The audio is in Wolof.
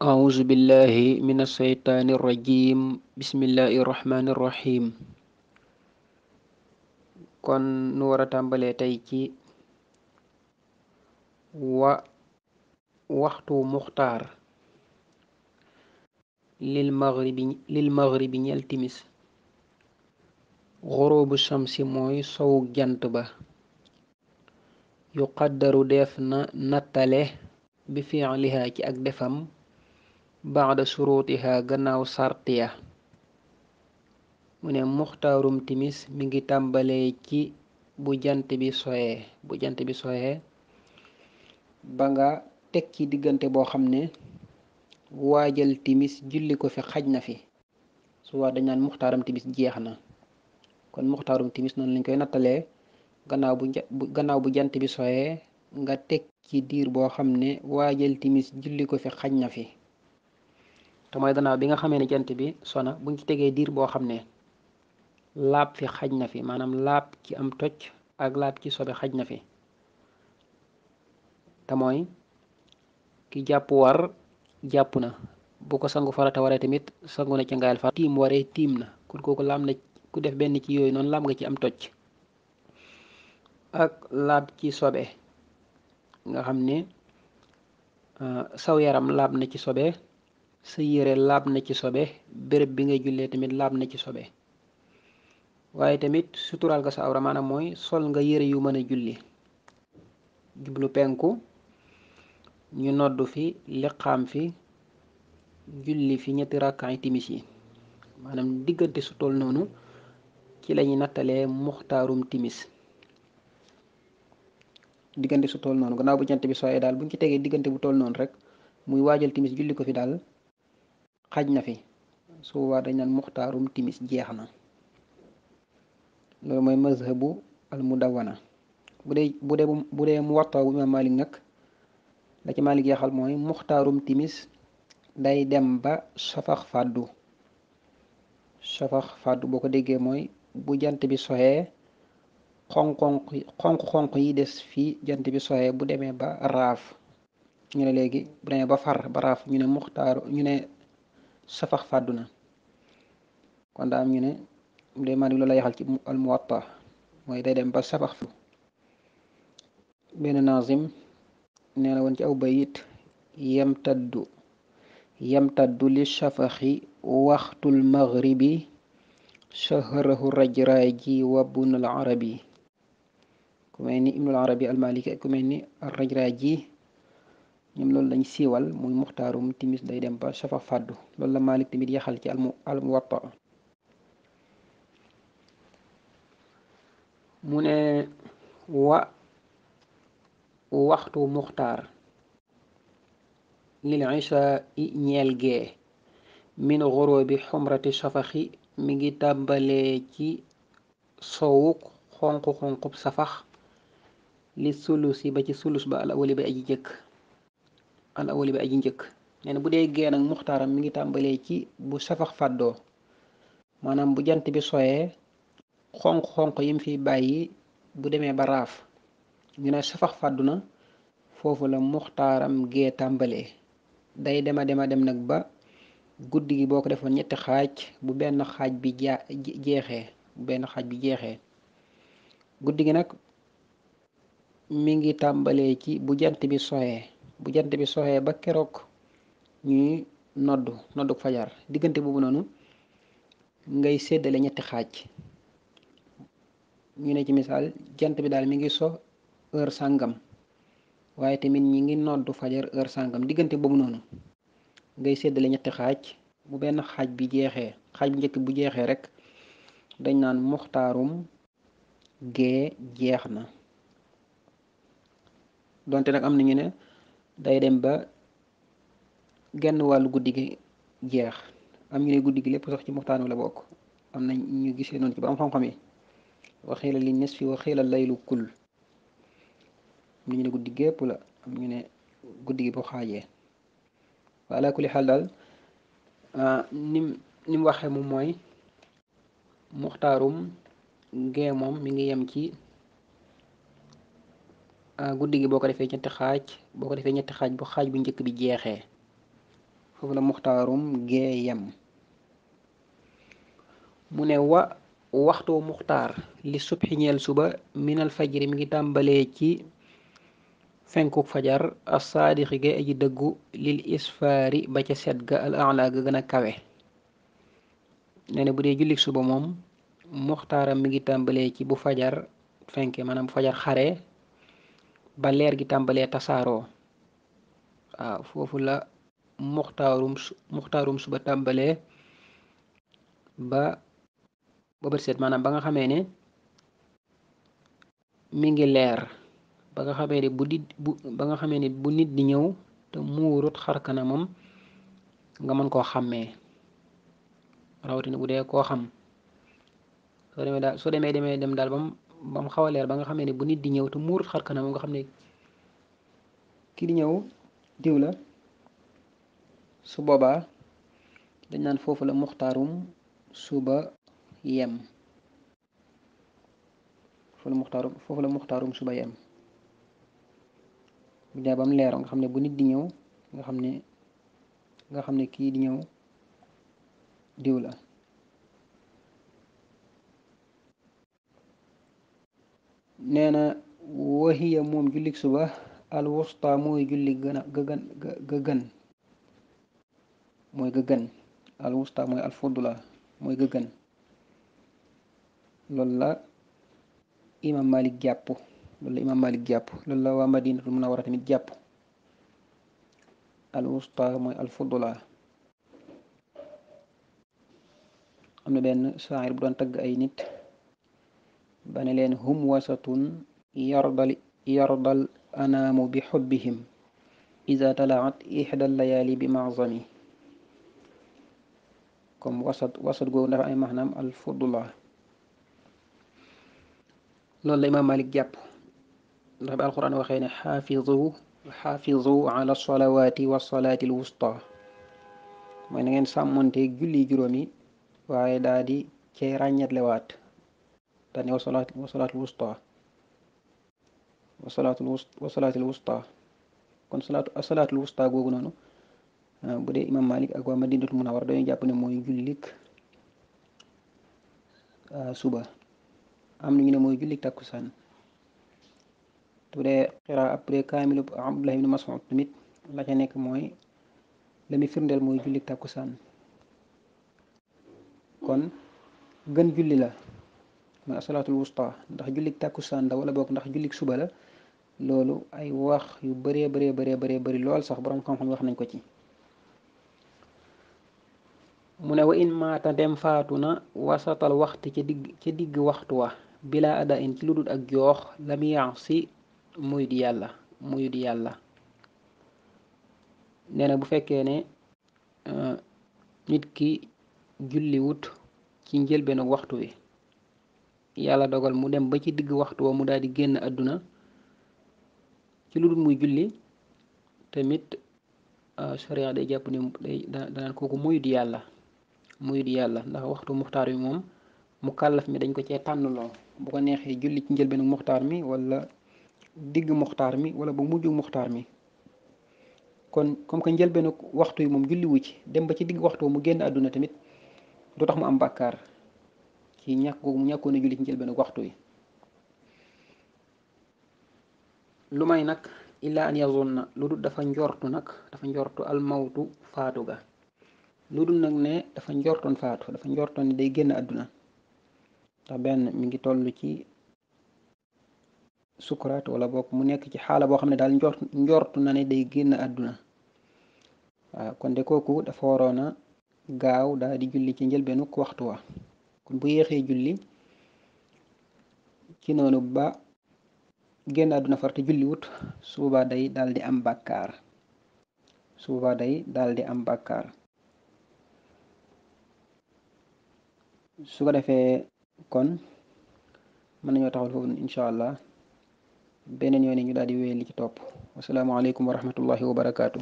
أعوذ بالله من الشيطان الرجيم بسم الله الرحمن kon nu war a tàmbalee tey ci wa waxtu muxtaar lil maghribi lil maghribi shamsi mooy sow jant ba yuqaddaru def na nattale bi fi'liha ci ak defam baada surutiha gannaaw sartiya mu ne muxtaarum timis mi ngi tàmbalee ci bu jant bi soyee bu jant bi soyee ba nga teg ci diggante boo xam ne waajal timis julli ko fi xaj na fi su dañ naan muxtaaram timis jeex na kon muxtaarum timis noonu lañ koy nattalee gannaaw bu gannaaw bu jant bi soyee nga teg ci diir boo xam ne waajal timis julli ko fi xaj na fi te mooy bi nga xamee ne jant bi sona buñ ci tegee diir boo xam ne laab fi xaj na fi maanaam laab ci am toj ak laab ci sobe xaj na fi te mooy ki jàpp war jàpp na bu ko sangu farata waree tamit sangu ci ngaayal farata waree tiim na kon kooku laam na ku def benn ci yooyu noonu laam nga ci am toj ak laab ci sobe nga xam ne ah, saw yaram laab na ci sobe sa yére laab na ci sobe bërëb bi ngay jullee tamit laab na ci sobe waaye tamit suturaal nga sa awra maanaam mooy sol nga yére yu mën a julli jublu penku ñu nodd fi liqaam fi julli fi ñetti rakkaay timis yi maanaam diggante su toll noonu ci lañuy nattalee muxtaarum timis diggante su toll noonu gannaaw bu jant bi sooyee daal buñ ci tegee diggante bu toll noonu rek muy waajal timis julli ko fi daal xaj na fi su boobaa dañ naan muxtaarum timis jeex na loolu mooy mazhabu al mudawana bu dee bu dee bu dee muwatta bu imaam Malik nag la ci Malik yeexal mooy muxtaarum timis day dem ba safax fàddu safax fàddu boo ko déggee mooy bu jant bi soxee xonq xonk xonk yi des fii jant bi soxee bu demee ba raaf ñu ne léegi bu demee ba far ba raaf ñu ne muxtaaru ñu ne safax fàddu kon daa ñu ne mu dee Maalik loolu la yaxal ci al Muwatta mooy day dem ba safax fàddu benn nazim nee na ci aw bayit yamtaddu yamtaddu li safaxi waxtul maghribi shahrahu rajraji wa bunul arabi ku mel ni arabi almaliki ku mel ni rajraji ñoom loolu lañ siiwal muy muxtaarum timis day dem ba shafa fàddu loolu la Malik tamit yaxal ci almu almuwatta mu ne wa waxtu muxtaar lil isha i ñeel gee min xoro bi xumrati safaxi mi ngi tàmbalee ci sowuk xonq xonqub safax li sulus yi ba ci sulus ba al awali ba aji jëkk al awali bi aji njëkk nee bu dee gee nag muxtaaram mi ngi tàmbalee ci bu safax fàddoo maanaam bu jant bi soyee xonq-xonq yim fiy bàyyi bu demee ba raaf ñu ne safax fàddu na foofu la muxtaaram gee tàmbalee day dema dema dem nag ba guddi gi boo ko defoon ñetti xaaj bu benn xaaj bi jaa jeexee bu benn xaaj bi jeexee guddi gi nag mi ngi tàmbalee ci bu jant bi soyee bu jant bi soxee ba keroog ñuy noddu noddu fajar diggante boobu noonu ngay seddale ñetti xaaj ñu ne ci misaal jant bi daal mi ngi so heure sàngam waaye tamit ñi ngi noddu fajar heure sàngam diggante boobu noonu ngay séddale ñetti xaaj bu benn xaaj bi jeexee xaaj bu njëkk bu jeexee rek dañ naan muxtaarum gee jeex na donte nag am na ñu ne day dem ba genn wàllu guddi gi jeex am ñu ne guddi gi lépp sax ci muxtaanu la bokk am na ñu gisee noonu ci ba am xam-xam yi waxee la li nisfi waxee la laylu kull am ñu ne guddi gépp la am ñu ne guddi gi bu xaajee wala kulli xal dal nim ni mu waxee moom mooy muxtaarum gee moom mi ngi yem ci Euh, guddi gi boo ko defee ñetti xaaj boo ko defee ñetti xaaj bu xaaj bu njëkk bi jeexee foofu la muxtaarum gee mu ne wa waxtu muxtaar li subxi ñeel suba minal fajri mi ngi tàmbalee ci fenkuk fajar as saadixi gay aji dëggu lil isfaari ba ca set ga al ga gën a kawe nee na bu dee jullik suba moom muxtaaram mi ngi tàmbalee ci bu fajar fenke maanaam bu fajar xare ba leer gi tàmbalee tasaaro waaw foofu la muxtaarum suba tàmbalee ba ba bët set maanaam ba nga xamee ne mi ngi leer ba nga xamee ne bu nit bu ba nga xamee ne bu nit di ñëw te muurut xarkanamam nga mën koo xàmmee rawatina bu dee koo xam soo demee daal demee dem daal bam ba mu xaw a leer ba nga xamee ne bu nit di ñëw te muurut xar kanam nga xam ne kii di ñëw diw la su boobaa dañ naan foofu la muxtaarum suba yem foofu la muxtaarum la muxtaarum suba yem bu dee ba mu nga xam ne bu nit di ñëw nga xam ne nga xam ne kii di ñëw diw la nee na waxiya moom jullik suba al wusta mooy julli gën ga gën mooy ga gën al mooy al mooy ga gën loolu la imam malik jàpp loolu la imam malik jàpp lool la waa madinatul munawara tamit jàpp al wusta mooy al am na benn saahir bu doon tagg ay nit ba ne leen hum wasatun yardal yardal anaamu bi xubbihim ida talaat ixdal layaali bi maazami comme wasat wasat googu dafa ay maanaam al fudula loolu la imaam malik jàpp ndax bi alquran waxee ne xaafizu xaafizu ala salawaati wa salaati al wusta mooy na ngeen sàmmonte julli juróomi waaye daa di cee ràññetlewaat dani wasolaatul wusta wasolaatul wasolaatul wusta kon solaatu asolaatul wusta googu noonu bu dee imam malik ak waa madinatul munawar dañuy jàpp ne mooy jullik suba am nañu ne mooy jullik takkusaan bu dee xiraa après kaamilu abdullah ibn mas'ud tamit la ca nekk mooy la muy firndeel mooy jullik takkusaan kon gën julli la mooy asalaatul ndax jullik tàkkusaan la wala boog ndax jullik suba la loolu ay wax yu bëree bëree bëree bëree bëri lool sax borom xam-xam wax nañ ko ci mu ne wa in maata dem faatu na wasatal waxti ca digg waxtu wa bila ada in ci lu ak joox lam yaax si muy yàlla muy yàlla nee bu fekkee ne euh, nit ki julliwut ci njëlbeenu waxtu wi yàlla dogal mu dem ba ci digg waxtu wa mu daal di génn àdduna ci lu dul muy julli tamit euh, sharia day jàpp ne day danaan kooku muyut yàlla muyut yàlla ndax waxtu muxtaar bi moom mu kàllaf mi dañ ko cee tànnloo bu ko neexee julli ci njëlbeenu muxtaar mi walla digg muxtaar mi wala bu mujj muxtaar mi kon comme que njëlbeenu waxtu yi moom julli ci dem ba ci digg waxtu mu génn àdduna tamit du tax mu am bàkkaar ci ñàkk googu mu ñàkkoon a julli ci njëlbéen waxtu yi lu may nag illaa an yazunna lu dul dafa njortu nag dafa njortu almawtu faatu ga lu dul nag ne dafa njortoon faatu dafa njortoon ne day génn àdduna ndax benn mi ngi toll ci sukuraat wala bokk mu nekk ci xaala boo xam ne daal njort njortu na ne day génn àdduna waaw kon de kooku dafa waroon a gaaw daal di julli ci njëlbeenu waxtu wa kon bu yéexee julli ci noonu ba génn àdduna farata julli wut suuba day daal di am bàkkaar suuba day daal am bàkkaar su ko defee kon mën nañoo taxawal foofu incha allah beneen yoon yi ñu daal di wéyal li ci topp wasalaamaaleykum wa rahmatullahi barakaatu.